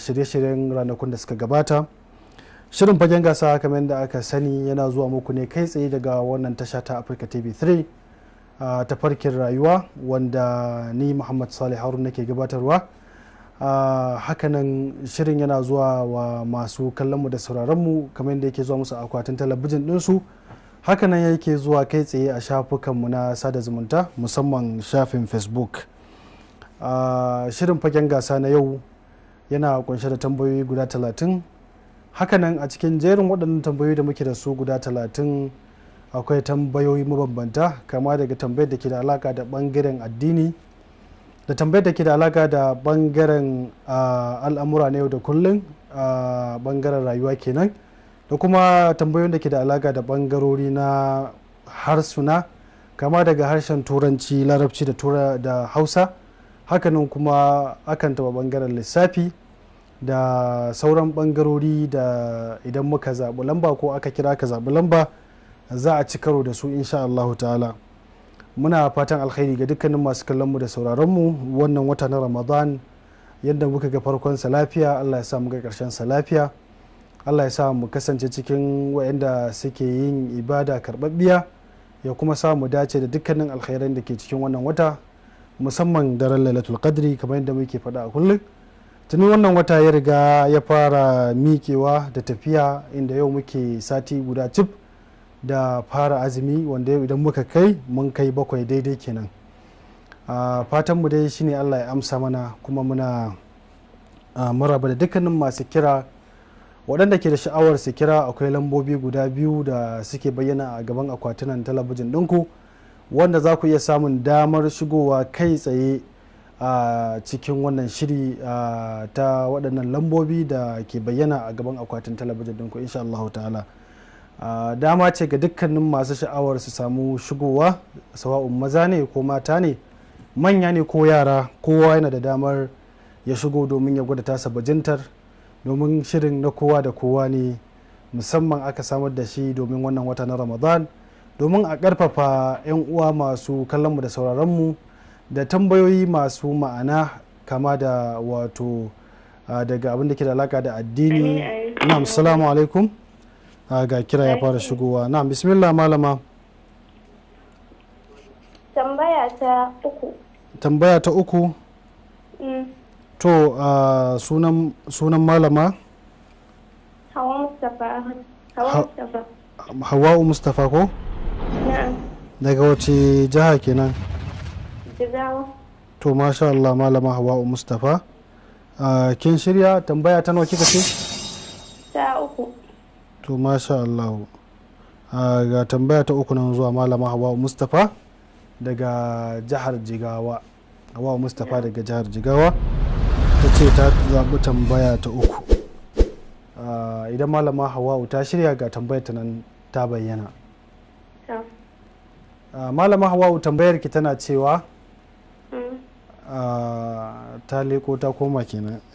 shirye-shiryen ranakun da suka gabata shirin fagen gasa kamar yadda aka sani yana zuwa muku ne kai tsaye daga wannan tasha ta africa tv 3 a tafarkin rayuwa wanda ni muhammad salih harun nake gabatarwa hakanan shirin yana zuwa wa masu kallonmu da sauraronmu kamar yadda yake zuwa musu akwatin talabijin ɗinsu hakanan yake zuwa kai tsaye a shafukanmu na sada zumunta musamman shafin facebook shirin fagen gasa na yau yana kunshe da tambayoyi guda talatin hakanan a cikin jerin waɗannan tambayoyi da muke da su guda talatin akwai tambayoyi mabambanta kama daga tambayar da ke da alaka da ɓangaren addini da tambayar da ke da alaka da ɓangaren al'amura na yau da kullum a ɓangaren rayuwa kenan da kuma tambayoyin da ke da alaka da ɓangarori na harsuna kama daga harshen turanci larabci da hausa hakanan kuma akan taɓa ɓangaren lissafi da sauran bangarori da idan muka zaɓi lamba ko aka kira ka zaɓi lamba za a ci karo da su insha Allahu ta'ala muna fatan alkhairi ga dukkanin masu kallonmu da sauraronmu wannan wata na ramadan yadda muka ga farkon sa lafiya allah ya sa mu ga karshen sa lafiya allah ya sa mu kasance cikin waɗanda suke yin ibada karɓaɓɓiya ya kuma sa mu dace da dukkanin alkhairan da ke cikin wannan wata musamman daren lailatul qadri kamar yadda muke faɗa a kullum tuni wannan wata ya riga ya fara mikewa da tafiya inda yau muke sati guda cif da fara azumi wanda yau idan muka kai mun kai bakwai daidai kenan fatan mu dai shine allah ya amsa mana kuma muna maraba da dukkanin masu kira waɗanda ke da sha'awar su kira akwai lambobi guda biyu da suke bayyana a gaban akwatunan talabijin ɗinku wanda za ku iya samun damar shigowa kai tsaye a cikin wannan shiri ta waɗannan lambobi da ke bayyana a gaban akwatin talabijin ɗinku insha Allah ta'ala dama ce ga dukkanin masu sha'awar su samu shigowa sawa'un maza ne ko mata ne manya ne ko yara kowa yana da damar ya shigo domin ya gwada tasa bajintar domin shirin na kowa da kowa ne musamman aka samar da shi domin wannan wata na ramadan domin a ƙarfafa 'yan uwa masu kallonmu da sauraronmu mu da tambayoyi masu ma'ana kama da wato daga abin da ke da alaka da addini na'am salamu alaikum ga kira ya fara shigowa na'am bismillah malama tambaya ta uku tambaya ta uku mm. to sunan malama hawa mustafa. hawa mustafa ko daga wace jiha kenan jigawa to masha Allah malama Hawa'u Mustafa kin shirya tambaya ta nawa kika ce ta uku to masha Allah ga tambaya ta uku nan zuwa malama Hawa'u Mustafa daga jihar Jigawa Hawa'u Mustafa daga jihar Jigawa ta ce ta zaɓi tambaya ta uku idan malama Hawa'u ta shirya ga tambayar ta nan ta bayyana malama Hawa'u tambayar ki tana cewa Mm. Ah, ta leko ta koma kenan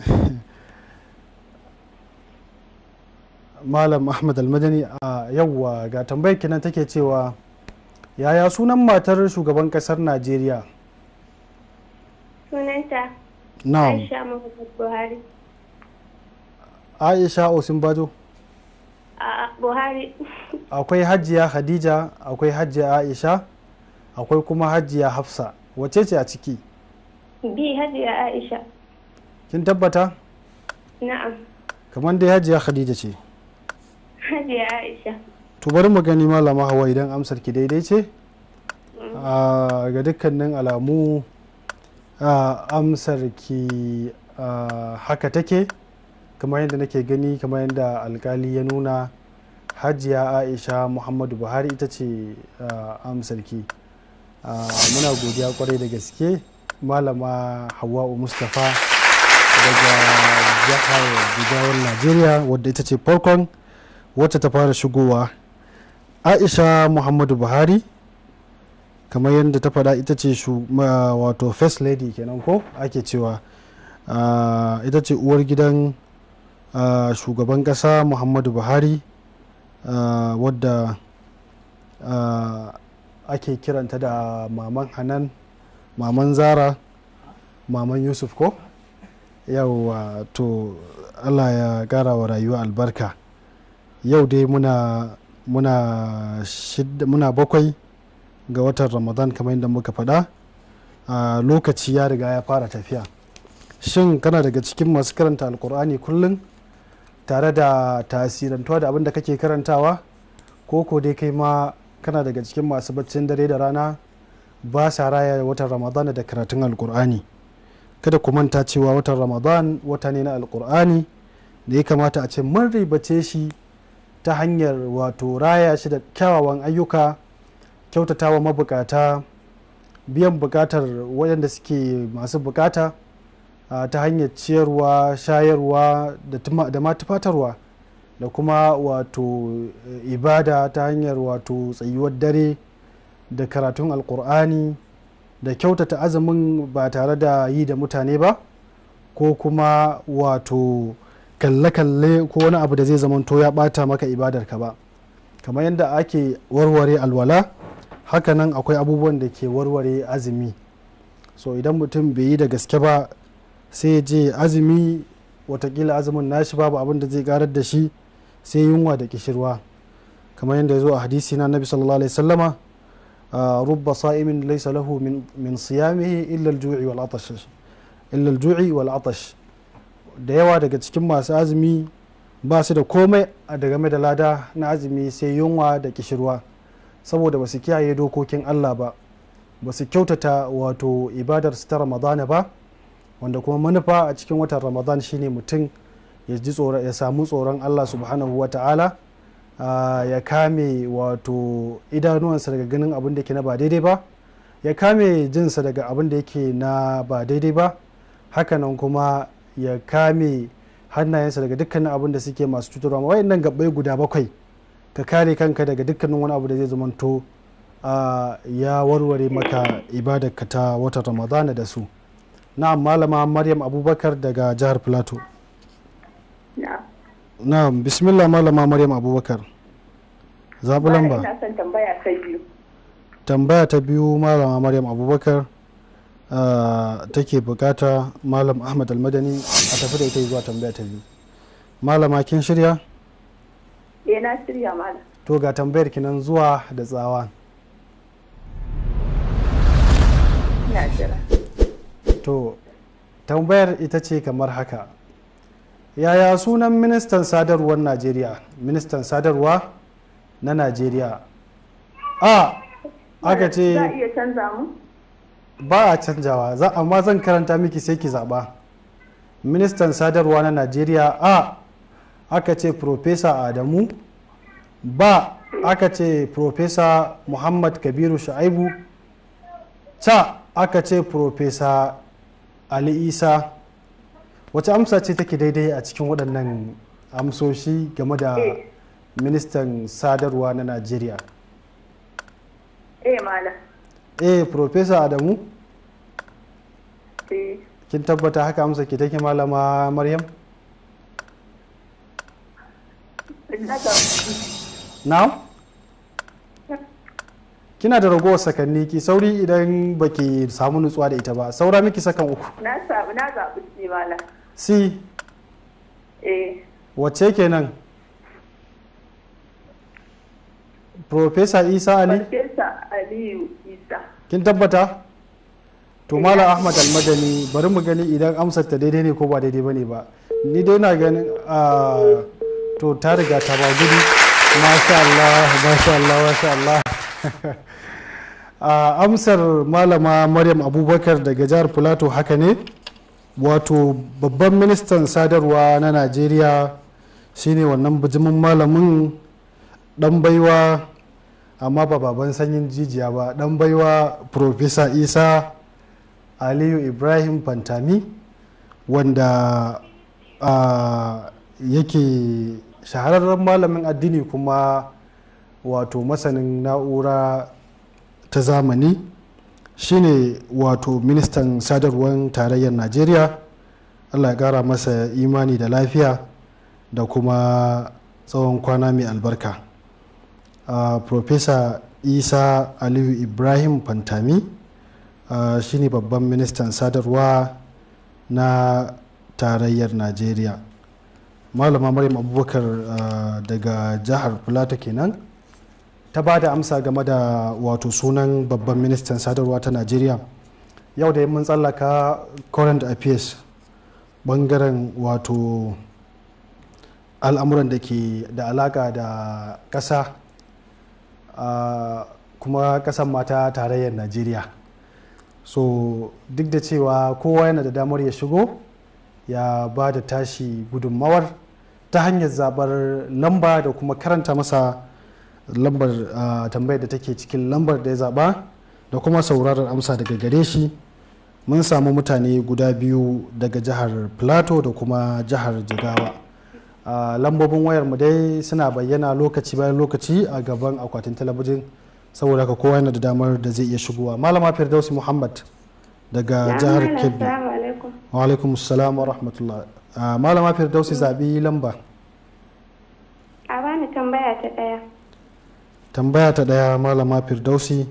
malam ahmad almadani a ah, yawwa ga tambayar kenan take cewa yaya sunan matar shugaban kasar najeriya sunanta aisha muhammad buhari aisha osin bajo ah, buhari akwai hajiya khadija akwai hajiya aisha akwai kuma hajiya hafsa wace ce a ciki bi hajiya aisha kin tabbata na'am kamar dai hajiya khadija ce hajiya aisha to bari mu gani malama hawa idan amsar ki daidai ce mm. ah, ga dukkanin alamu ah, amsar ki ah, haka take kamar yadda nake gani kamar yadda alkali ya nuna hajiya aisha muhammadu buhari ita ce amsar ki Ah, muna godiya kwarai da gaske malama hawa'u mustapha daga jihar jigawar najeriya wadda ita ce farkon wacce ta fara shigowa aisha muhammadu buhari kamar yadda ta faɗa ita ce wato first lady kenan ko ake cewa ah, ita ce uwar gidan ah, shugaban ƙasa muhammadu buhari wadda ake kiranta da maman hanan maman zara maman yusuf ko yau to allah ya gara wa rayuwa albarka yau dai muna muna, muna bakwai ga watan ramadan kamar yadda muka faɗa a lokaci ya riga ya fara tafiya shin kana daga cikin masu karanta alkur'ani kullum tare da tasirantuwa da abin da kake karantawa ko ko dai kai ma kana daga cikin masu baccin dare da rana ba sa raya watan ramadan da karatun alkur'ani kada ku manta cewa watan ramadan wata ne na alkur'ani da ya kamata a ce mun ribace shi ta hanyar wato raya shi da kyawawan ayyuka kyautatawa mabukata biyan bukatar waɗanda suke masu bukata ta hanyar ciyarwa shayarwa da ma tufatarwa da kuma wato eh, ibada ta hanyar wato tsayuwar dare da karatun alkur'ani da kyautata azumin ba tare da yi da mutane ba ko kuma wato kalle-kalle ko wani abu da zai zamanto ya bata maka ibadarka ba kamar yadda ake warware alwala hakanan akwai abubuwan da ke warware azumi so idan mutum bai yi da gaske ba sai je azumi watakila azumin nashi babu abin da zai karar da shi sai yunwa da kishirwa kamar yadda ya zo a hadisi na nabi sallallahu alaihi sallama ah, rubba sa'imin laysa lahu min siyamihi illa al-ju'i wal atash illa jui wal atash da yawa daga cikin masu azumi ba su da komai a da game da lada na azumi sai yunwa da kishirwa saboda ba su kiyaye dokokin Allah ba ba su kyautata wato ibadar su ta ramadana ba wanda kuma manufa a cikin watan ramadan shine mutum ya ya samu tsoron Allah subhanahu wa ta'ala ya kame wato idanuwansa daga ganin abin da yake na ba daidai ba ya kame jinsa daga abin da yake na ba daidai ba hakanan kuma ya kame hannayensa daga dukkanin abin da suke masu cutarwa ma wayannan gabbai guda bakwai ka kare kanka daga dukkanin wani abu da zai zamanto ya warware maka ibadarka ta wata ramadana da su na'am malama maryam abubakar daga jihar plateau na bismillah malama maryam abubakar zaɓi lamba tambaya ta biyu tambaya ta biyu malama maryam abubakar ah, take bukata malam ahmad almadani a tafi da ita zuwa tambaya ta biyu malama kin shirya eh na shirya malam to ga tambayar kinan zuwa da tsawa to tambayar ita ce kamar haka yaya sunan ministan sadarwar najeriya ministan sadarwa na najeriya a aka ce ba a canjawa amma zan karanta miki sai ki zaba ministan sadarwa na najeriya a aka ce profesa adamu ba aka ce profesa muhammad kabiru sha'ibu ca aka ce profesa ali isa wata amsa ce take daidai a cikin waɗannan amsoshi game da eh. ministan sadarwa na najeriya eh Mala. eh professor adamu eh. kin tabbata haka amsa ke take malama maryam now kina da ragowar sakanni ki sauri idan baki samu nutsuwa da ita ba saura miki sakan uku na zaɓi malam si eh wace kenan Profesa Isa Ali? Profesa Aliyu Isa. Kin tabbata? To Malam Ahmad Almadani bari mu gani idan amsar ta daidai ne ko ba daidai bane ba. Ni dai na ganin a to ta riga ta ba gudu. Masha Allah, masha Allah, masha Allah. amsar malama Maryam Abubakar daga jihar Plateau haka ne? wato babban ministan sadarwa na najeriya shine wannan bijimin malamin dan baiwa amma ba baban sanyin jijiya ba dan baiwa profesa isa aliyu ibrahim fantami wanda uh, yake shahararren malamin addini kuma wato masanin na'ura ta zamani shine wato ministan sadarwar tarayyar najeriya allah ya kara masa imani da lafiya da kuma tsawon kwana mai albarka uh, professor isa aliyu ibrahim fantami uh, shine babban ministan sadarwa na tarayyar najeriya malama maryam abubakar uh, daga jihar plateau kenan ta ba da amsa game da wato sunan babban ministan sadarwa ta najeriya yau da mun tsallaka current affairs bangaren wato al'amuran da ke da alaka da ƙasa kuma ƙasan mata tarayyar najeriya so duk da cewa kowa yana da damar ya shigo ya ba da tashi gudunmawar ta hanyar zabar lamba da kuma karanta masa lambar tambayar da take cikin lambar da ya zaba da kuma sauraron amsa daga gare shi mun samu mutane guda biyu daga jihar plateau da kuma jihar jigawa lambobin wayar mu dai suna bayyana lokaci bayan lokaci a gaban akwatin talabijin saboda ka kowa yana da damar da zai iya shigowa malama firdausi muhammad daga jihar kebbi wa alaikum salam wa rahmatullah malama firdausi zabi lamba tambaya ta daya malama firdausi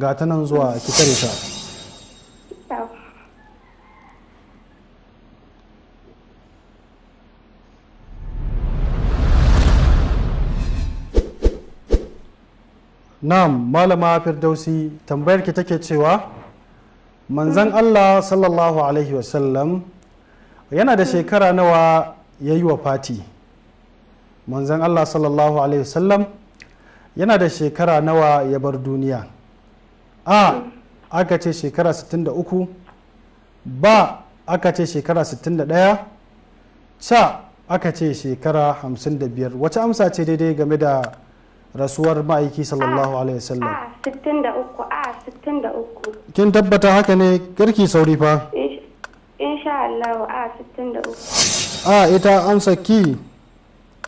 ga ta nan zuwa ki kitare ta na'am malama firdausi tambayar ki take cewa manzan allah sallallahu alaihi wasallam yana da shekara nawa ya yi wa fati manzan allah sallallahu alaihi wasallam yana da shekara nawa ya bar duniya a aka ce shekara 63 ba aka ce shekara 61 ca aka ce shekara 55 wace amsa ce daidai game da rasuwar ma'aiki sallallahu alaihi wasallam a 63 a 63 kin tabbata haka ne garki sauri fa insha Allah a 63 a ita amsa ki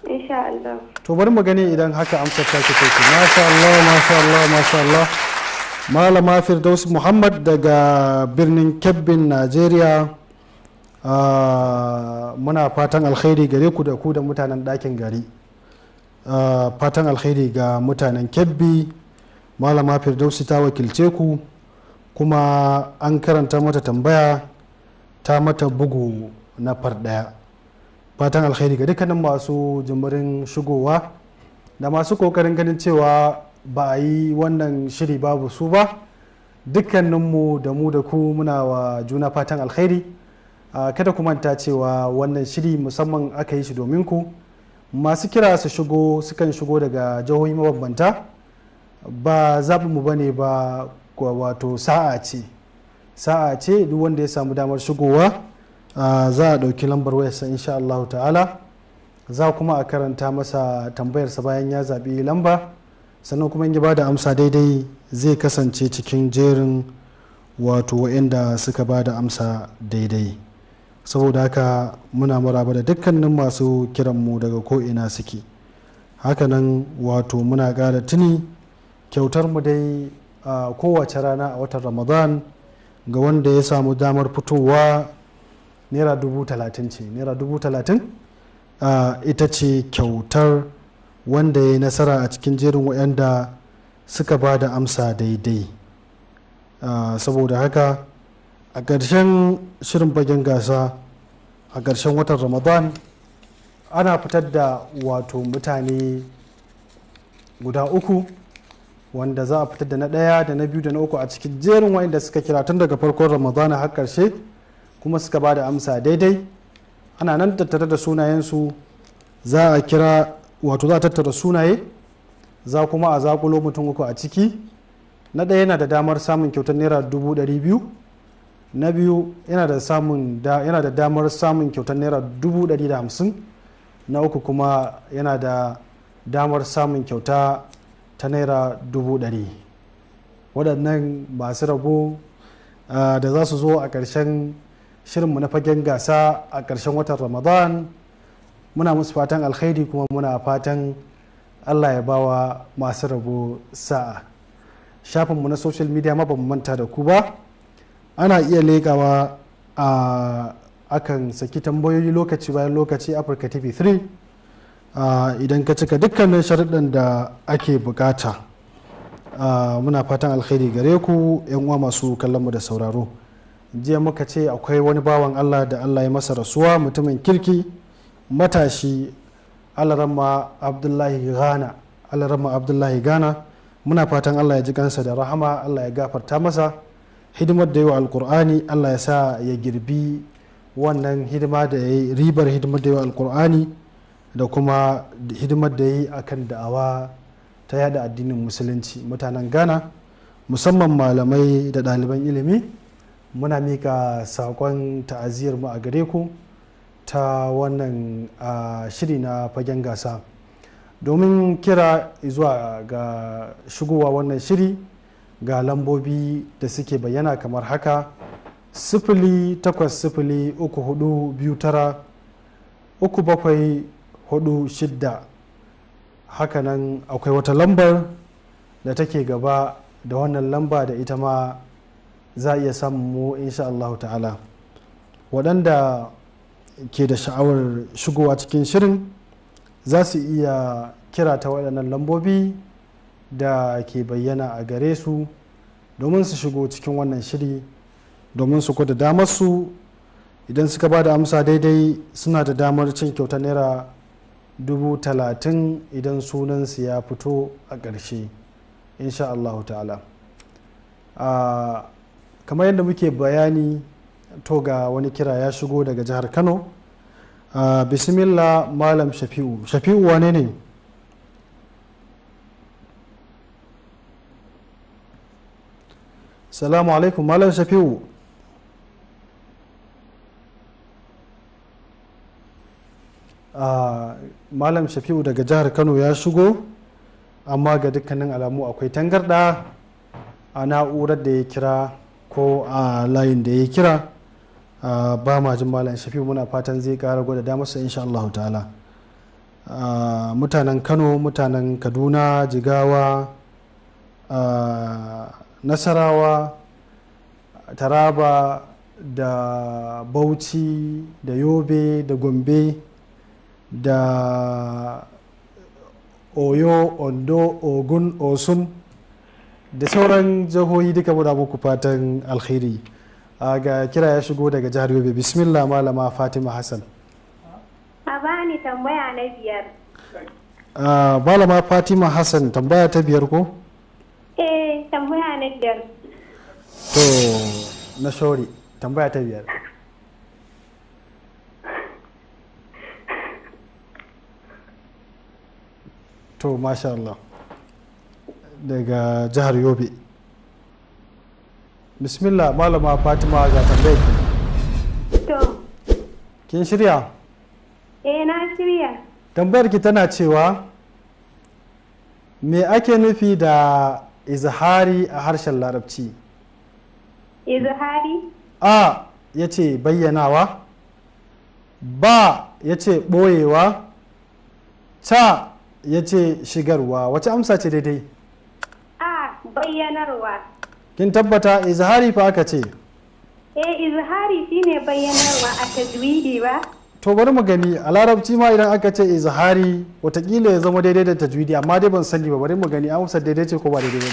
insha Allah to bari mu gani idan haka amsar ta ke kai masha Allah masha Allah masha Allah malama firdaus muhammad daga birnin kebbin najeriya ah, muna fatan alkhairi gare ku da ku da mutanen ɗakin gari ah, fatan alkhairi ga mutanen kebbi malama firdausi ta wakilce ku kuma an karanta mata tambaya ta mata bugu na far ɗaya fatan alkhairi ga dukkanin masu jimirin shigowa da masu kokarin ganin cewa ba a yi wannan shiri babu su ba dukkaninmu da mu da ku muna wa juna fatan alkhairi kada ku manta cewa wannan shiri musamman aka yi shi domin ku masu kira su shigo sukan shigo daga jihohi mabambanta ba zaɓinmu ba ne ba wato sa'a ce sa'a ce duk wanda ya samu damar shigowa Ah, za a ɗauki lambar wayarsa insha Allah ta'ala za kuma a karanta masa tambayarsa bayan ya zaɓi lamba sannan kuma in ya bada amsa daidai zai kasance cikin jerin wato waɗanda suka bada amsa daidai saboda haka muna maraba da dukkanin masu kiranmu daga ko'ina suke hakanan wato muna ƙara tuni kyautar mu dai ah, kowace rana a watan ramadan ga wanda ya samu damar fitowa naira dubu talatin ce naira dubu talatin ita ce kyautar wanda ya nasara a cikin jerin waɗanda suka ba da amsa daidai saboda haka a ƙarshen shirin bagen gasa a ƙarshen watan ramadan ana fitar da wato mutane guda uku wanda za a fitar da na ɗaya da na biyu da na uku a cikin jerin wayanda suka kira tun daga farkon ramadan har ƙarshe kuma suka ba da amsa daidai ana nan tattare da sunayensu za a kira wato za a tattara sunaye za kuma a zakulo mutum uku a ciki na ɗaya yana da damar samun kyautar naira dubu ɗari biyu na biyu yana da damar samun kyautar naira dubu ɗari da hamsin na uku kuma yana da damar samun kyauta ta naira dubu ɗari waɗannan masu rago ah, da za su zo a ƙarshen shirinmu na fagen gasa a ƙarshen watan ramadan muna musu fatan alkhairi kuma muna fatan allah ya bawa masu rabo sa'a shafinmu na social media ma bamu manta da ku ba ana iya legawa a akan saki tambayoyi lokaci bayan lokaci afirka tv 3 idan ka cika dukkanin sharuɗan da ake bukata muna fatan alkhairi gare ku 'yan uwa masu kallonmu da sauraro. jiya muka ce akwai wani bawan allah da allah ya masa rasuwa mutumin kirki matashi alarama abdullahi ghana alarama abdullahi ghana muna fatan allah ya ji kansa da rahama allah ya gafarta masa hidimar da yi wa alkur'ani allah ya sa ya girbi wannan hidima da ya yi ribar hidimar da yi wa alkur'ani da kuma hidimar da ya yi akan da'awa ta yada addinin musulunci mutanen ghana musamman malamai da ɗaliban ilimi muna mika saƙon ta'aziyar mu a gare ku ta wannan shiri na fagen gasa domin kira zuwa ga shigowa wannan shiri ga lambobi da suke bayyana kamar haka sifili takwas sifili uku hudu biyu tara uku bakwai hudu shidda hakanan akwai wata lambar da take gaba da wannan lamba da ita ma za a iya samun mu insha Allah ta'ala waɗanda ke da sha'awar shigowa cikin shirin za su iya kira ta waɗannan lambobi da ke bayyana a gare su domin su shigo cikin wannan shiri domin su kwada damar su idan suka ba da amsa daidai suna da damar cin kyauta naira dubu talatin idan sunansu ya fito a ƙarshe insha Allah ta'ala ah, kamar yadda muke bayani to ga wani kira ya shigo daga jihar kano uh, bismillah malam shafi'u shafi'u wane ne salamu alaikum malam shafi'u ah, malam shafi'u daga jihar kano ya shigo amma ga dukkanin alamu akwai tangarda a na'urar da ya kira ko a layin da ya kira ba ma jin malam shafi muna fatan zai kara gwada damarsa insha Allah ta'ala mutanen kano mutanen kaduna jigawa nasarawa taraba da bauchi da yobe da gombe da oyo ondo ogun osun da sauran jihohi duka muna muku fatan alkhairi ga kira ya shigo daga jihar yobe bismillah malama fatima hassan a bani tambaya na biyar malama fatima hassan tambaya ta biyar ko eh tambaya na biyar to na shori tambaya ta biyar to masha Allah daga jihar yobe bismillah malama fatima ga tambayar ki kin shirya eh na shirya tambayar ki tana cewa me ake nufi da izhari a harshen larabci izhari a ya ce bayyanawa ba ya ce ɓoyewa ta ya ce shigarwa wace amsa ce daidai bayyanarwa kin tabbata izhari fa aka ce eh izhari shine bayyanarwa a tajwidi ba to bari mu gani a larabci ma idan aka ce izhari watakila ya zama daidai da tajwidi amma dai ban sani ba bari mu gani an wasa daidai ce ko ba daidai ne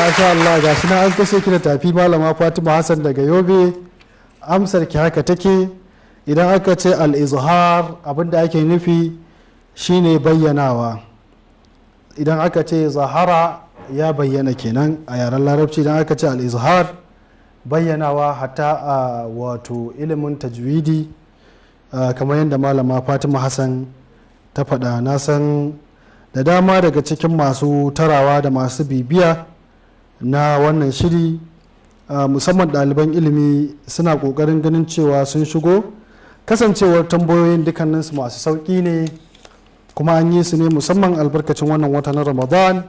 masha Allah ga na an kashe ki da tafi malama Fatima Hassan daga Yobe amsar ki haka take idan aka ce al-izhar abinda ake nufi shine bayyanawa idan aka ce zahara ya bayyana kenan a yaren larabci idan aka ce al-izhar bayyanawa hata a wato ilimin tajwidi kamar yadda malama fatima hassan ta faɗa na san da dama daga cikin masu tarawa da masu bibiya na wannan shiri musamman ɗaliban ilimi suna ƙoƙarin ganin cewa sun shigo kasancewar tambayoyin dukkaninsu masu sauƙi ne kuma an yi su ne musamman albarkacin wannan wata na ramadan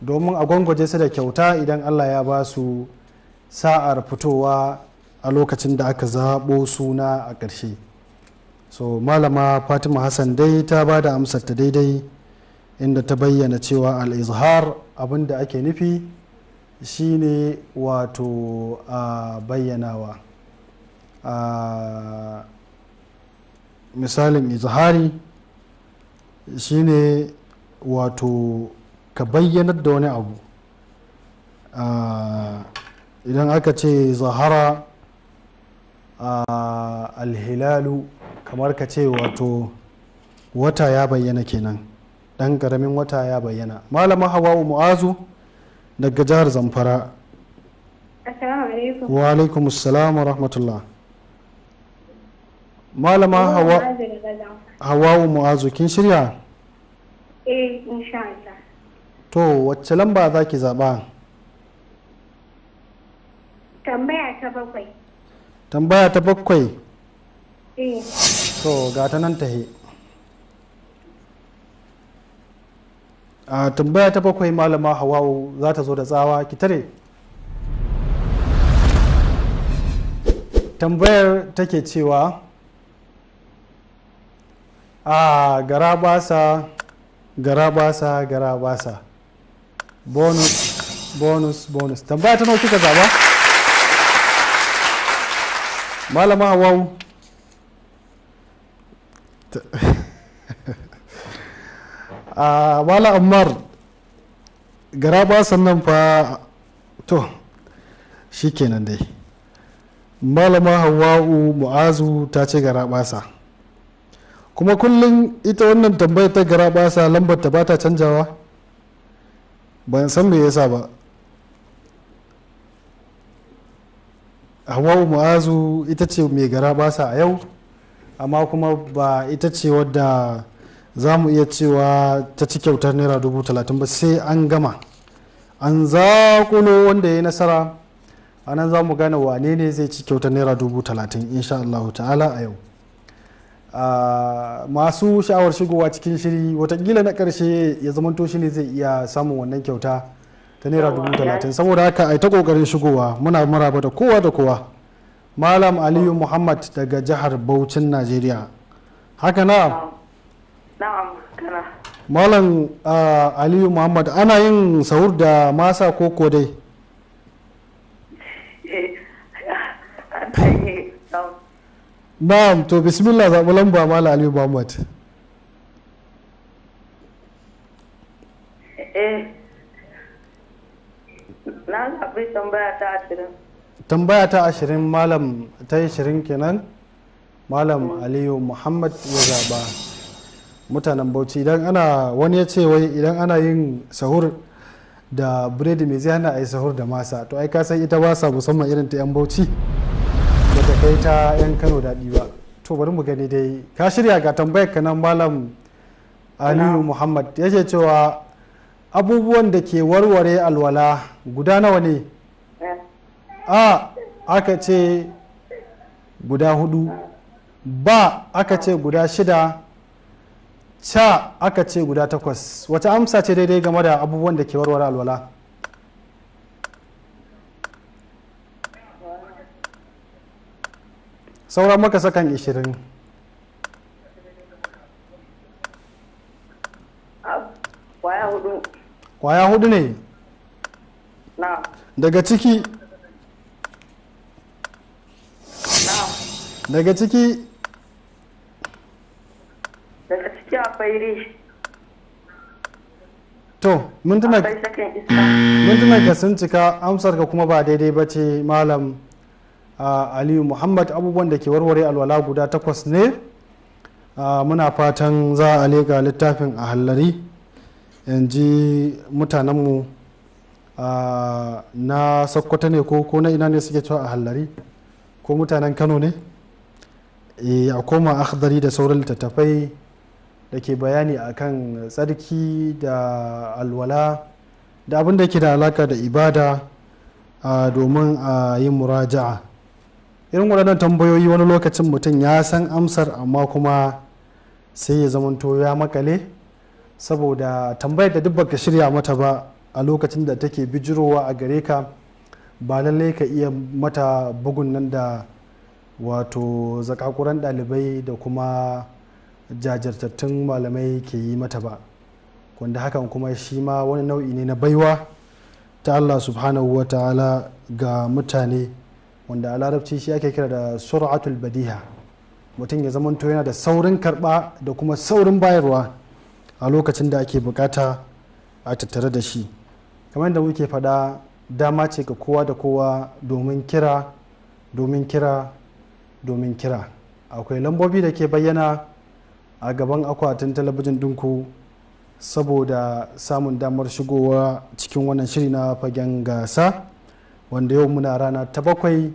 domin a gwangwaje su da kyauta idan allah ya ba su sa'ar fitowa a lokacin da aka zaɓo suna a ƙarshe so malama fatima hassan dai ta ba da amsar ta daidai inda ta bayyana cewa al-izhar abin da ake nufi shine wato a bayyanawa a misalin izhari shine wato ka bayyanar da wani abu ah, idan aka ce zahara ah, alhilalu kamar ka ce wato wata ya bayyana kenan dan karamin wata ya bayyana malama hawa'u mu'azu daga jihar zamfara wa alaikum wa rahmatullah malama hawa hawawu mu'azu kin shirya eh insha Allah to wacce lamba za ki zaɓa tambaya ta bakwai tambaya ta bakwai eh to ga ta nan tahe a tambaya ta bakwai malama hawawu za ta zo da tsawa ki tare tambayar take cewa a gara basa gara basa gara basa bonus bonus bonus tambaya ta nauki ka zaba malama hawau a wala ammar gara basan nan fa to shi kenan dai malama hawa'u mu'azu ta ce gara basa kuma kullum ita wannan tambayar ta gara ba sa lambar ba ta canjawa ban san me yasa ba hawa mu'azu ita ce mai gara ba sa a yau amma kuma ba ita ce wadda za mu iya cewa ta ci kyautar naira dubu talatin ba sai an gama an zakulo wanda ya yi nasara a nan za mu gane wane ne zai ci kyautar naira dubu talatin insha allahu ta'ala a yau A masu sha'awar shigowa cikin shiri watakila na karshe ya zamanto shi ne zai iya samun wannan kyauta ta naira dubu talatin saboda haka a ta kokarin shigowa muna maraba da kowa da kowa malam aliyu muhammad daga jihar bauchin najeriya haka na malam aliyu muhammad ana yin sahur da masa ko kodai. Eh, na'am to bismillah zaɓi lamba mala aliyu muhammad eh, tambaya ta ashirin tambaya ta ashirin malam ta ashirin kenan malam aliyu muhammad ya zaɓa mutanen bauchi idan ana wani ya ce wai idan ana yin sahur da biredi mai zai hana a yi sahur da masa to ai ka san ita ba sa musamman irin ta 'yan bauchi bata kai ta 'yan kano daɗi ba to bari mu gani dai ka shirya ga tambayar ka nan malam aliyu muhammad yake cewa abubuwan da ke warware alwala guda nawa ne eh. a aka ce guda hudu ba aka ce guda shida ca aka ce guda takwas wata amsa ce daidai game da abubuwan da ke warware alwala sauran maka sakan 20 ah, kwaya hudu kwaya hudu ne daga ciki daga ciki daga ciki a rish to mintuna ka sun cika amsar ka kuma ba daidai ba ce malam aliyu muhammad abubuwan da ke warware alwala guda takwas ne muna fatan za a lega littafin a hallari yanzu mutanenmu na sakkwata ne ko na ina ne suke cewa a hallari ko mutanen kano ne e, a koma akhdari da sauran littattafai da ke bayani akan tsarki da alwala da abin da ke da alaka da ibada domin a yi muraja'a irin waɗannan tambayoyi wani lokacin mutum ya san amsar amma kuma sai ya zamanto ya makale saboda tambayar da duk baka shirya mata ba a lokacin da take bijirowa a gare ka ba lallai ka iya mata bugun nan da wato zakakuran ɗalibai da kuma jajirtattun malamai ke yi mata ba wanda hakan kuma shi ma wani nau'i ne na baiwa ta allah subhanahu wa ta'ala ga mutane wanda a larabci shi ake kira da sur'atul badiha mutum ya zamanto yana da saurin karba da kuma saurin bayarwa a lokacin da ake bukata a tattare da shi kamar da muke faɗa dama ce ga kowa da kowa domin kira domin kira domin kira akwai lambobi da ke bayyana a gaban akwatin talabijin ɗinku saboda samun damar shigowa cikin wannan shiri na fagen gasa wanda yau muna rana ta bakwai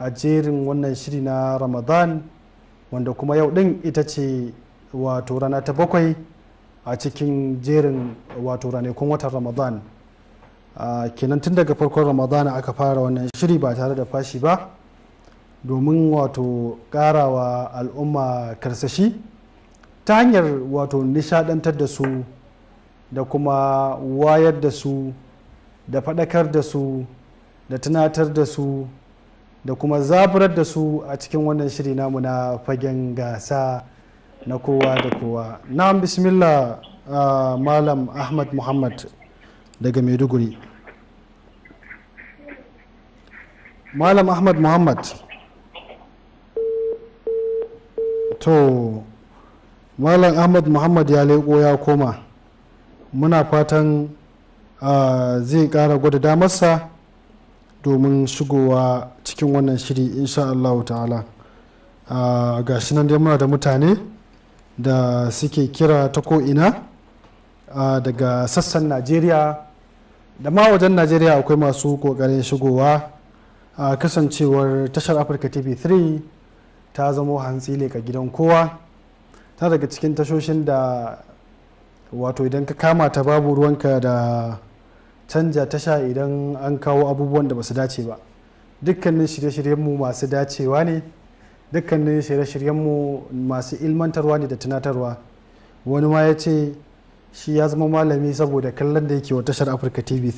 a jerin wannan shiri na ramadan wanda kuma yau din ita ce wato rana ta bakwai a cikin jerin wato ranakun watan ramadan kenan tun daga farkon ramadan aka fara wannan shiri ba tare da fashi ba domin wato karawa al'umma karsashi ta hanyar wato nishadantar da su da kuma wayar da su da faɗakar da su da tunatar da su da kuma zaburar da su a cikin wannan shiri namu na fagen gasa na kowa da kowa na'am bismillah ah, malam ahmad muhammad daga maiduguri malam ahmad muhammad to malam ahmad muhammad ya leko ya koma muna fatan ah, zai kara gwada damarsa domin shigowa cikin wannan shiri insha Allah ta'ala ga shi nan dai muna da mutane da suke kira ta ko'ina daga sassan najeriya da ma wajen najeriya akwai masu kokarin shigowa a kasancewar tashar afirka tv 3 ta zamo hantsi leka gidan kowa ta daga cikin tashoshin da wato idan ka kama ta babu ruwanka da canja tasha idan an kawo abubuwan da basu dace ba dukkanin shirye-shiryenmu masu dacewa ne dukkanin shirye-shiryenmu masu ilmantarwa ne da tunatarwa wani ma ya ce shi ya zama malami saboda kallon da yake wa tashar afirka tv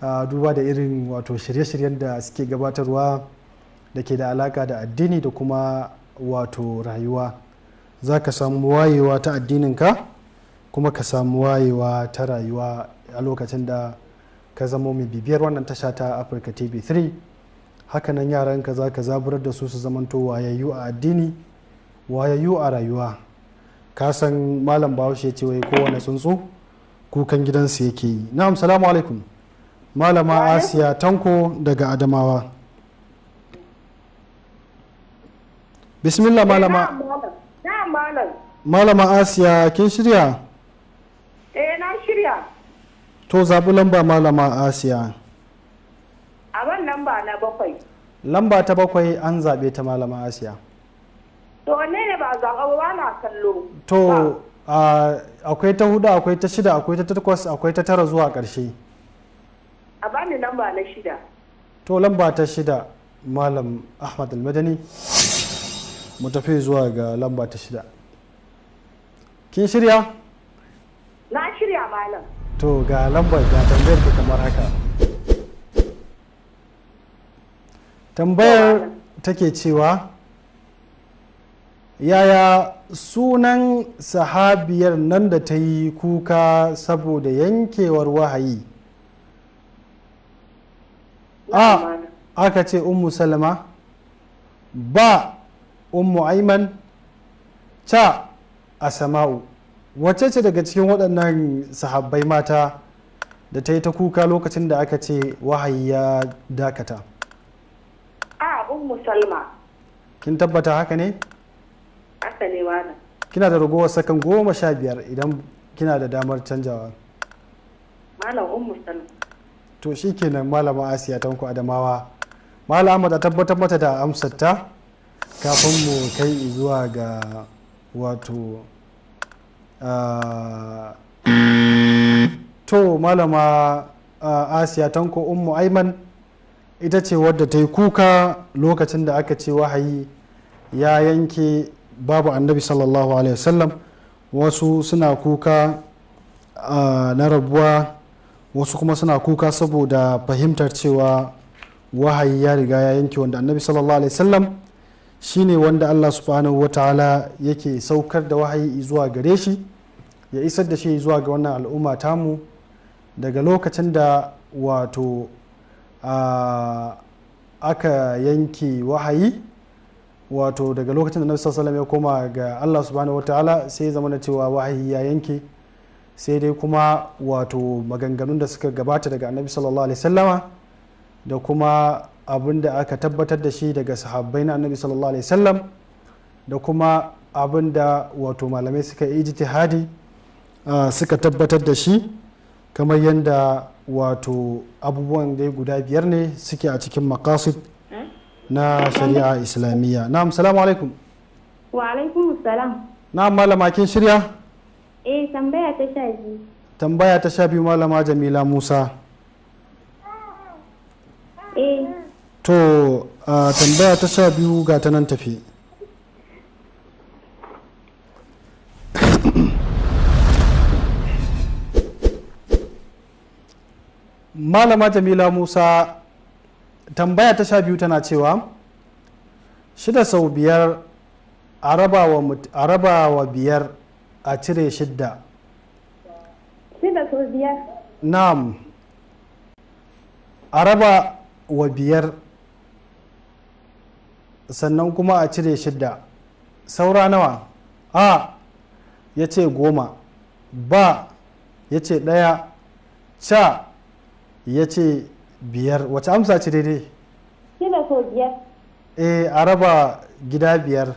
3 duba da irin wato shirye-shiryen da suke gabatarwa da ke da alaka da addini da kuma wato rayuwa za ka samu wayewa ta addininka kuma ka samu wayewa ta rayuwa a lokacin da ka zamo mai bibiyar wannan tasha ta Africa TV 3 hakanan yaranka za ka zaburar da su su zamanto wayayyu a addini wayayyu a rayuwa ka san malam bahaushe ya ce wai kowane tsuntsu kukan gidansu yake yi na'am salamu alaikum malama asiya tanko daga adamawa bismillah eh, malama malama asiya kin shirya to zaɓi lamba malama asiya a ban lamba na bakwai lamba ta bakwai an zaɓe ta malama asiya to wanne ne ba zaɓa ba na kallo to akwai ta hudu akwai ta shida akwai ta takwas akwai ta tara zuwa ƙarshe a bani lamba na shida to lamba ta shida malam ahmad almadani mu tafi zuwa ga lamba ta shida kin shirya na shirya malam to ga lambar ga tambayar ta kamar haka tambayar take cewa yaya sunan sahabiyar nan da ta yi kuka saboda yankewar wahayi a aka ce ummu salama ba ummu aiman ca asama'u wacce ce daga cikin waɗannan sahabbai mata da ta yi ta kuka lokacin da aka ce wahayi ya dakata a ummu salma kin tabbata haka ne haka ne wani kina da ragowar sakan goma sha biyar idan kina da damar canjawa malam ummu salma to shi nan malama asiya tanko adamawa malama da tabbatar mata da amsar ta kafin mu kai zuwa ga wato Ah, to malama ah, asiya tanko ummu aiman ita ce wadda ta yi kuka lokacin da aka ce wahayi ya yanke babu annabi sallallahu alaihi wasallam wasu suna kuka ah, na rabuwa wasu kuma suna kuka saboda fahimtar cewa wahayi ya riga ya yanke wanda annabi sallallahu alaihi wasallam shine wanda allah subhanahu wa ta'ala yake saukar da wahayi zuwa gare shi ya isar da shi zuwa ga wannan al'umma tamu daga lokacin da wato aka yanki wahayi wato daga lokacin da nabi sallallahu ya koma ga Allah subhanahu wataala sai zama na cewa wahayi ya yanke sai dai kuma wato maganganun da suka gabata daga annabi sallallahu alaihi sallama da kuma abin da aka tabbatar da shi daga sahabbai na annabi sallallahu alaihi sallam da kuma abin da wato malamai suka yi ijtihadi suka tabbatar da shi kamar yadda wato abubuwan dai guda biyar ne suke a cikin makasid na shari'a islamiyya na salamu alaikum wa alaikum salam na malama kin shirya eh tambaya ta sha biyu tambaya ta sha biyu malama jamila musa eh to tambaya ta sha biyu ga ta nan tafi malama jamila musa tambaya ta sha biyu tana cewa shida sau biyar a raba wa biyar a cire shidda shida sau biyar a raba wa biyar sannan kuma a cire shidda saura nawa a ya ce goma ba ya ce daya ca ya ce biyar wace amsa ce daidai shida so biyar eh a raba gida biyar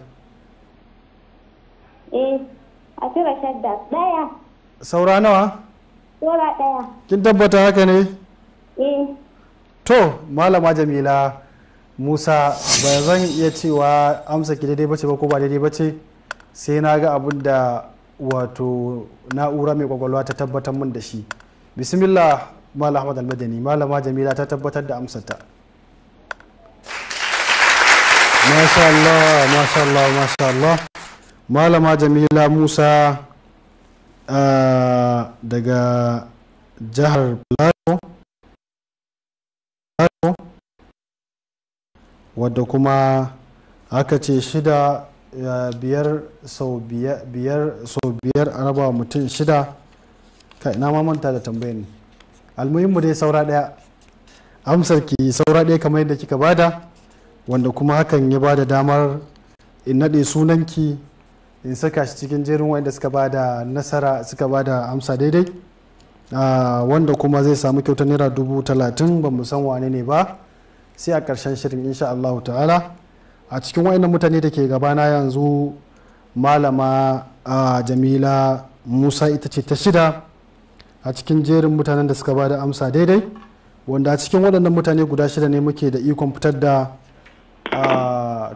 eh a cire shadda daya saura nawa saura daya kin tabbata haka ne eh to malama jamila musa ba zan iya cewa amsa ki daidai bace ba ko ba daidai bace sai na ga abin da wato na'ura mai kwakwalwa ta tabbatar min da shi bismillah mala Ahmad Almadani malama Jamila ta tabbatar da amsarta Masha Allah Masha malama Jamila Musa ah, daga jihar plato wadda kuma aka ce shida biyar sau biyar sau biyar a mutum shida ka ina ma manta da tambayin almuhimmu dai saura daya amsar ki saura daya kamar yadda kika bada wanda kuma hakan ya bada damar in naɗe sunanki in saka shi cikin jerin wanda suka bada nasara suka bada amsa daidai ah, wanda kuma zai samu kyautar naira dubu talatin ba mu san wane ne ba sai a ƙarshen shirin insha Allah ta'ala a cikin wa'annan mutane da ke gabana yanzu malama ah, jamila musa ita ce ta shida a cikin jerin mutanen da suka ba da amsa daidai wanda a cikin waɗannan mutane guda shida ne muke da ikon fitar da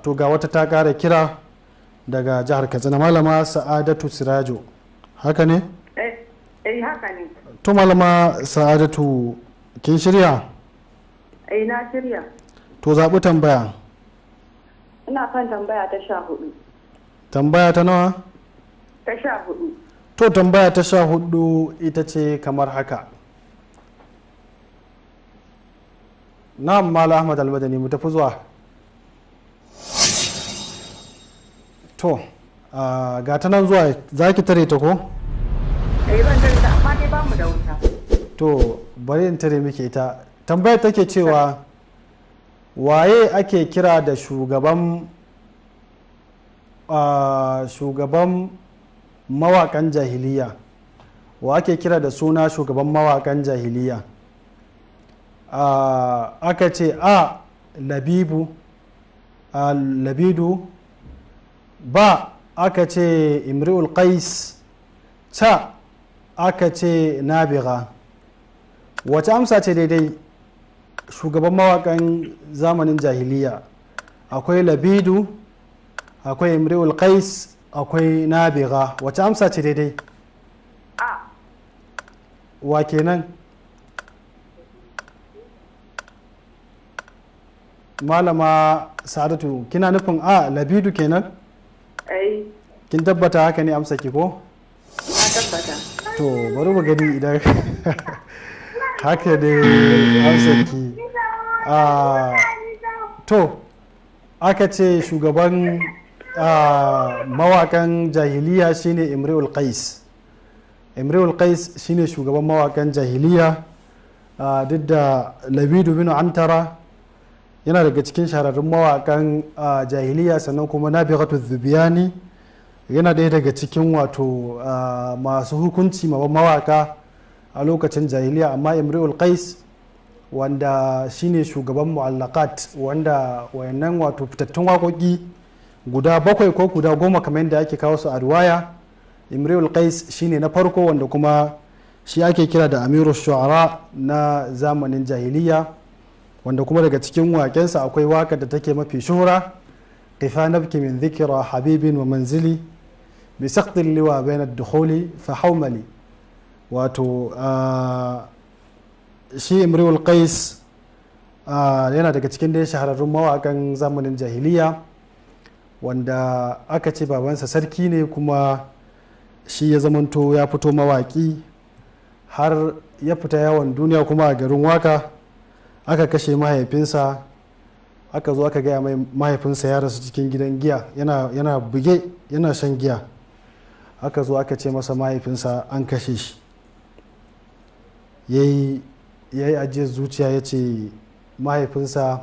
to ga wata ta ƙara kira daga jihar katsina malama sa'adatu sirajo haka ne? eh, eh haka ne to malama sa'adatu kin shirya? eh na shirya to zaɓi tambaya ina kan tambaya ta sha hudu tambaya ta nawa? ta sha hudu to tambaya ta sha hudu ita ce kamar haka na mala ahmad almadani mu tafi zuwa to ga ta nan zuwa za ki tare ta ko? Eh, to bari in tare muke ita tambayar take cewa waye ake kira da shugaban shugaban mawaƙan jahiliya wa ake kira da suna shugaban mawaƙan jahiliya aka ce a labibu a labidu ba aka ce imri'ul qais ta aka ce nabiga wace amsa ce daidai shugaban mawakan zamanin jahiliya akwai labidu akwai imri'ul qais akwai nabiga wace amsa ce daidai a wa kenan malama sadatu kina nufin a labidu kenan ai eh. kin tabbata haka ne amsa ki ko tabbata to bari mu gani idan haka ne amsa ki ah. to aka ce shugaban Ah, mawakan jahiliya shine imri'ul qais imri'ul qais shine shugaban mawakan jahiliya ah, duk da labidu bin antara yana daga cikin shahararrun mawakan ah, jahiliya sannan kuma nabighatu zubiyani yana ɗaya daga cikin wato masu hukunci mawaka a lokacin jahiliya amma imri'ul qais wanda shine shugaban mu'allaqat wanda wayannan wato fitattun waƙoƙi guda bakwai ko guda goma kamar yadda ake kawo su a ruwaya imriul qais shine na farko wanda kuma shi ake kira da amiru shu'ara na zamanin jahiliya wanda kuma daga cikin wakensa akwai waka da take mafi shuhura qifa nabki min dhikra habibin wa manzili bi saqtin liwa bayna ad-dukhuli fa hawmali wato shi imriul qais yana daga cikin dai shahararrun mawakan zamanin jahiliya wanda aka ce babansa sarki ne kuma shi ya zamanto ya fito mawaƙi har ya fita yawon duniya kuma a garin waka aka kashe mahaifinsa aka zo aka gaya mai mahaifinsa ya rasu cikin gidan giya yana buge yana shan giya aka zo aka ce masa mahaifinsa an kashe shi ya yi ajiyar zuciya ya ce mahaifinsa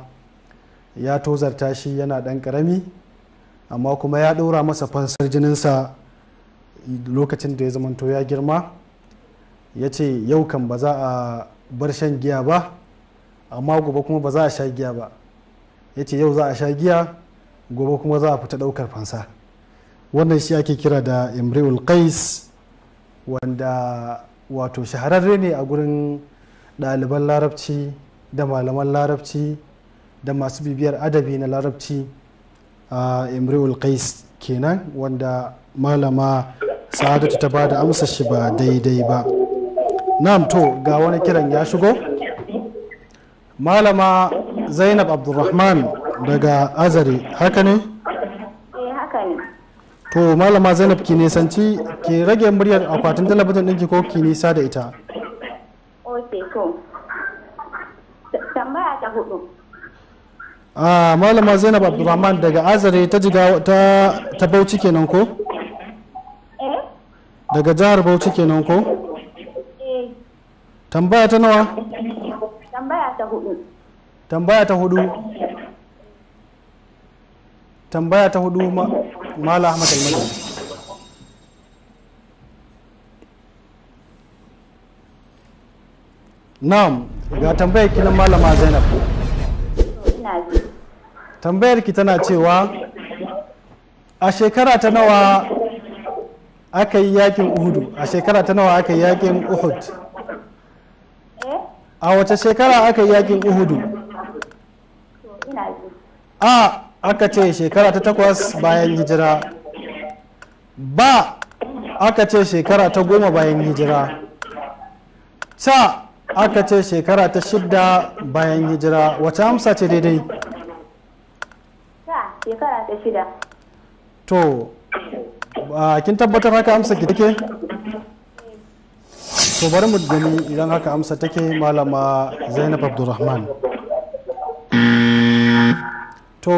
ya tozarta shi yana ɗan ƙarami amma kuma ya ɗora masa fansar jininsa lokacin da ya zamanto ya girma ya ce yau kan ba za a bar shan giya ba amma gobe kuma ba za a sha giya ba ya ce yau za a sha giya gobe kuma za a fita ɗaukar fansa wannan shi ake kira da imri'ul qais wanda wato shahararre ne a gurin ɗaliban larabci da malaman larabci da masu bibiyar adabi na larabci A imriul qais kenan wanda malama sa'adatu ta bada amsa shi ba daidai ba na'am to ga wani kiran ya shigo malama zainab abdulrahman daga Azari eh, haka ne to malama zainab ki nisanci ki rage muryar akwatin talabijin ɗinki ko ki nisa da ita ok to tambaya ta hudu a ah, malama zainab abdulrahman daga azare ta jiga ta bauchi kenan ko eh? daga jihar bauchi kenan ko eh. tambaya ta nawa tambaya ta hudu tambaya ta hudu tambaya ta hudu mala ahmad almadi na'am ga tambayar kinan malama zainab tambayar ki tana cewa a shekara ta nawa aka yi yakin uhudu a shekara ta nawa aka yi yakin uhud a wace shekara aka yi yakin uhudu a aka ce shekara ta takwas bayan hijira ba aka ce shekara ta goma bayan hijira ca aka ce shekara ta shidda bayan hijira wace amsa ce daidai shekara ta kin tabbatar haka amsa ki take to bari mu gani idan haka amsa take malama zainab abdulrahman to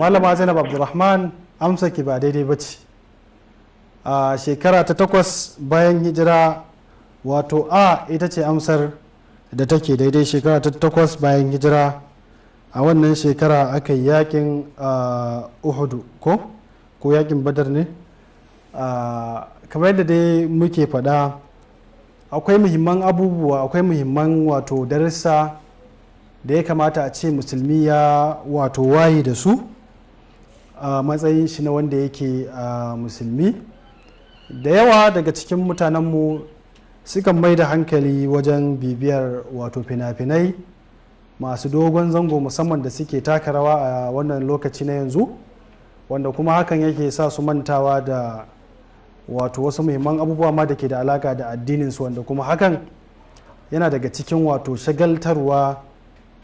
malama zainab abdulrahman amsa ki ba daidai ba ce a shekara ta takwas bayan hijira wato a ita ce amsar da take daidai shekara ta takwas bayan hijira a wannan shekara aka yi yakin uhudu ko ko yakin badar ne kamar yadda dai muke faɗa akwai muhimman abubuwa akwai muhimman wato darussa da ya kamata a ce musulmi ya wato wayi da su a matsayin shi na wanda yake a musulmi da yawa daga cikin mutanenmu sukan mai da hankali wajen bibiyar wato fina-finai masu dogon zango musamman da suke taka rawa a wannan lokaci na yanzu wanda kuma hakan yake sa su mantawa da wato wasu muhimman abubuwa ma da ke da alaka da addinin su wanda kuma hakan yana daga cikin wato shagaltarwa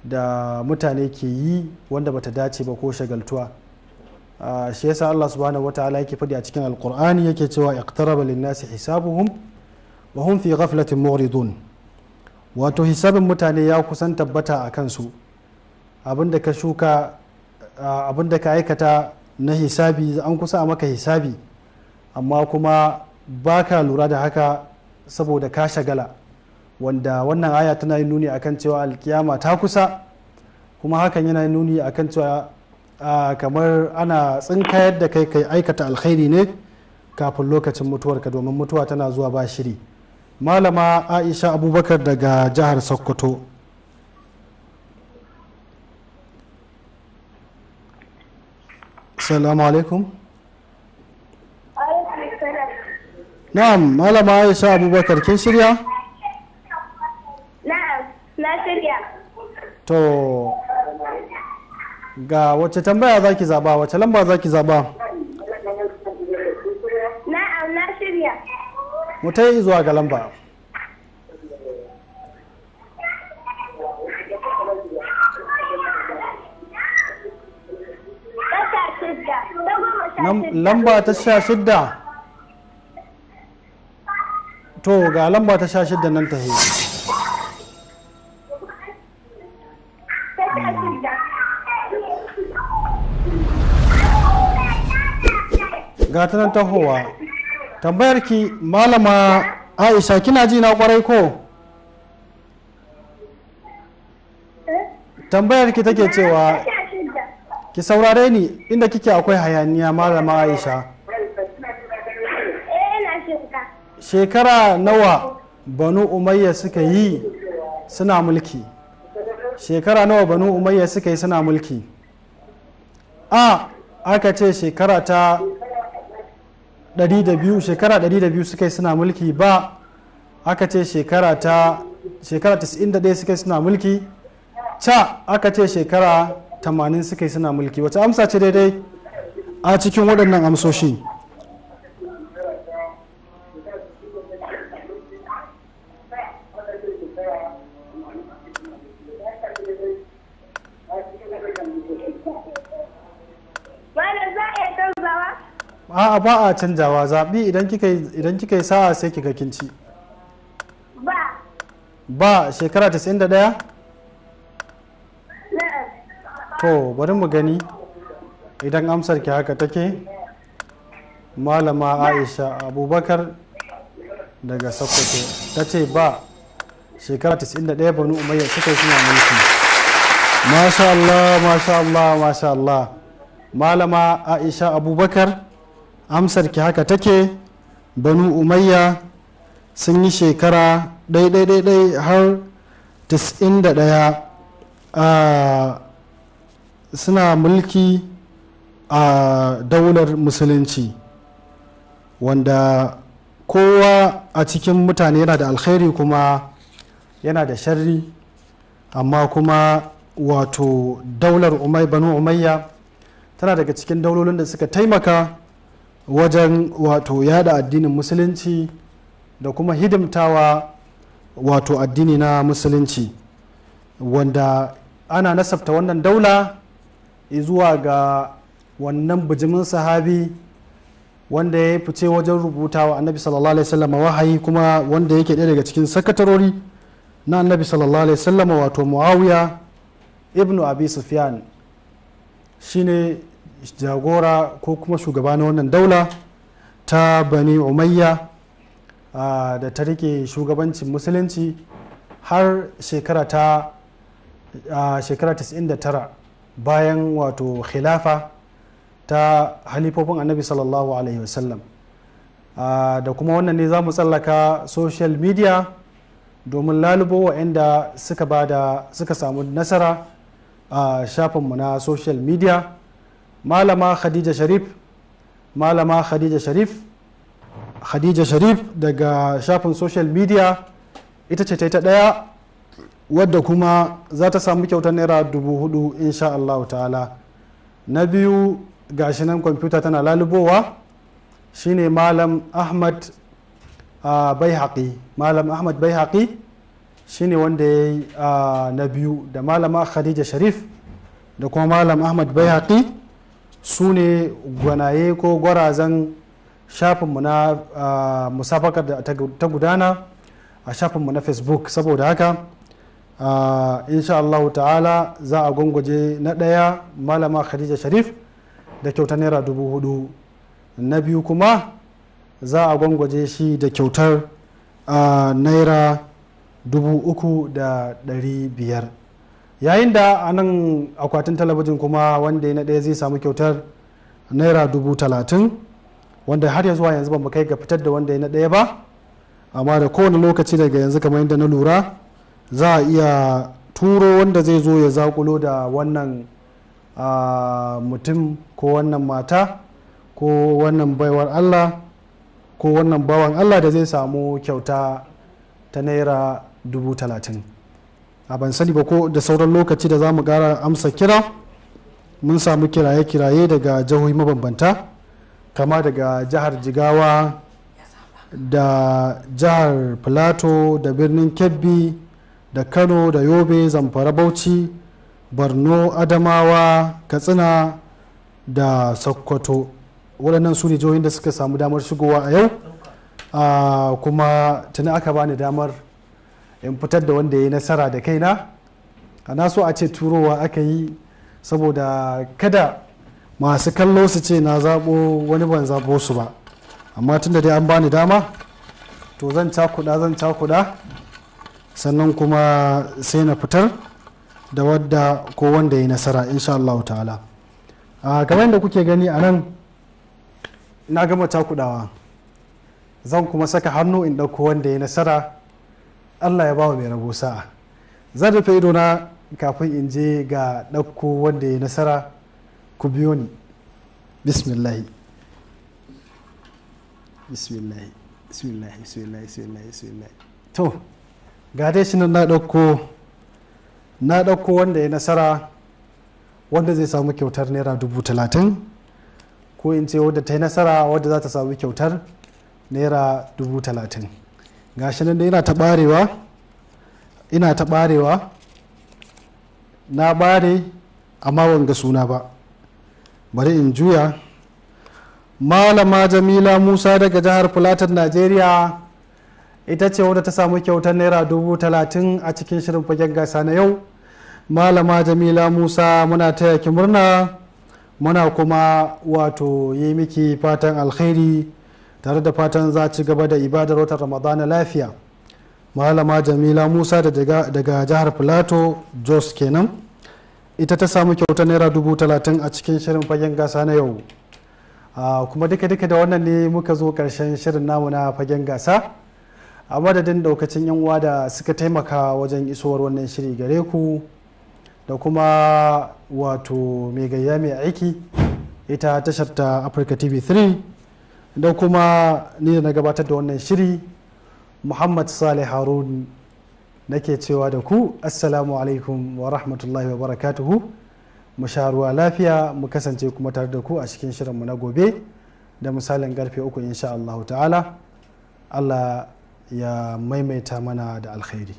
da mutane ke yi wanda bata dace ba ko shagaltuwa shi yasa Allah subhanahu wataala yake faɗi a cikin alkur'ani yake cewa iqtaraba lin-nasi hisabuhum wa hum fi ghaflatin muridun wato hisabin mutane ya kusan tabbata a kansu abinda ka shuka abinda ka aikata na hisabi an kusa a maka hisabi amma kuma ba ka lura da haka saboda ka shagala wanda wannan aya tana yin nuni akan cewa alkiyama ta kusa kuma hakan yana yin nuni akan cewa kamar ana tsinkayar da kai kai aikata alkhairi ne kafin lokacin mutuwarka domin mutuwa tana zuwa ba shiri malama aisha abubakar daga jihar sokoto salamu alaikum na'am malama aisha abubakar kin shirya na shirya to ga wacce tambaya za ki zaba wacce lamba za ki zaba mu ta yi zuwa ga lamba lamba ta sha shidda to ga lamba ta sha shidda nan ta hanyar ga ta nan ta tahowa tambayar ki malama aisha kina ji na kwarai ko eh? tambayar ki take cewa ki saurare ni inda kike akwai hayaniya malama aisha eh, shekara nawa banu umayya suka yi suna mulki shekara nawa banu umayya suka yi suna mulki a aka ce shekara ta 102 shekara 200 suka yi suna mulki ba aka ce shekara ta shekara 91 suka yi suna mulki ca aka ce shekara 80 suka yi suna mulki wace amsa ce daidai a cikin waɗannan amsoshi a'a ba a canjawa zaɓi idan kika yi sa'a sai kika kin ci ba ba shekara 91 to bari mu gani idan amsar ki haka take malama aisha abubakar daga sokoto ta ce ba shekara 91 banu umayya suka yi suna mulki masha Allah masha Allah masha Allah malama aisha abubakar amsar ki haka take banu umayya sun yi shekara ɗaiɗaiɗaiɗai har 91 a suna mulki a daular musulunci wanda kowa a cikin mutane yana da alkhairi kuma yana da sharri amma kuma wato daular banu umayya tana daga cikin daulolin da suka taimaka wajen wato yada addinin musulunci da kuma hidimtawa wato addini na musulunci wanda ana nasabta wannan daula zuwa ga wannan bijimin sahabi wanda ya fice wajen rubutawa wa annabi sallallahu alaihi wasallam wahayi kuma wanda yake ɗaya daga cikin sakatarori na annabi sallallahu alaihi wasallam wato muawiya ibnu abi sufyan shine jagora ko kuma shugaba na wannan daula ta bani umayya da ta rike shugabancin musulunci har shekara ta shekara 99 bayan wato khilafa ta halifofin annabi sallallahu alaihi wasallam da kuma wannan ne za mu tsallaka social media domin lalubo waɗanda suka samu nasara a shafinmu na social media malama khadija sharif malama khadija sharif khadija sharif daga shafin social media ita ce ta ta daya wadda kuma za ta samu kyautar naira dubu hudu insha Allah ta'ala na biyu gashi nan kwamfuta tana lalubowa shine malam ahmad bai malam ahmad bai haƙi shine wanda ya yi na biyu da malama khadija sharif da kuma malam ahmad bai haƙi su ne gwanaye ko gwarazan shafinmu na musafakar da ta gudana a shafinmu na facebook saboda haka insha Allahu ta'ala za a gwangwaje na ɗaya malama khadija sharif da kyautar naira dubu hudu na biyu kuma za a gwangwaje shi da kyautar naira dubu uku da ɗari biyar yayin da a nan akwatin talabijin kuma wanda na ɗaya zai samu kyautar naira dubu talatin wanda har ya zuwa yanzu ba mu kai ga fitar da wanda na ɗaya ba amma da kowane lokaci daga yanzu kamar yadda na lura za a iya turo wanda zai zo ya zakulo da wannan mutum ko wannan mata ko wannan baiwar allah ko wannan bawan allah da zai samu kyauta ta naira dubu talatin a ban sani ba ko da sauran lokaci da za mu kara amsa kira mun samu kiraye-kiraye daga jihohi mabambanta kama daga jihar jigawa da jihar plateau da birnin kebbi da kano da yobe zamfara bauchi borno adamawa katsina da sokoto waɗannan su ne jihohin da suka samu damar shigowa a yau kuma tuni aka bani damar in fitar da wanda ya yi nasara da kaina na so a ce turowa aka yi saboda kada masu kallo su ce na zabo wani ban zabo su ba amma tunda dai an bani dama to zan cakuɗa zan cakuɗa sannan kuma sai na fitar da wadda ko wanda ya yi nasara insha Allah ta'ala kamar da kuke gani a nan na gama cakuɗawa zan kuma saka hannu in ɗauko wanda ya yi nasara allah ya bawa mai rabo sa'a zan rufe na kafin in je ga ɗauko wanda ya nasara ku biyo ni bismillahi bismillahi bismillahi bismillahi bismillahi bismillahi to ga dai shi na ɗauko na ɗauko wanda ya nasara wanda zai samu kyautar naira dubu talatin ko in ce wadda ta yi nasara wadda za ta samu kyautar naira dubu talatin gashi nan da yana ta barewa ina ta barewa na bare amma ban ga suna ba bari in juya malama jamila musa daga jihar filatin najeriya ita ce wadda ta samu kyautar naira dubu talatin a cikin shirin fagen gasa na yau malama jamila musa muna ta yaki murna muna kuma wato yi miki fatan alkhairi tare da fatan za ci gaba da ibadar watan ramadana lafiya malama jamila musa daga jihar plateau jos kenan ita ta samu kyauta naira dubu talatin a cikin shirin fagen gasa na yau kuma duka-duka da wannan ne muka zo karshen shirin namu na fagen gasa a madadin daukacin yan uwa da suka taimaka wajen isowar wannan shiri gare ku da kuma wato mai gayya mai aiki ita tashar ta africa tv 3 da kuma ni na gabatar da wannan shiri muhammad salih harun nake cewa da ku assalamu alaikum wa rahmatullahi wa barakatuhu mu sha ruwa lafiya mu kasance kuma tare da ku a cikin shirinmu na gobe da misalin garfe uku insha allahu ta'ala Allah ya maimaita mana da alkhairi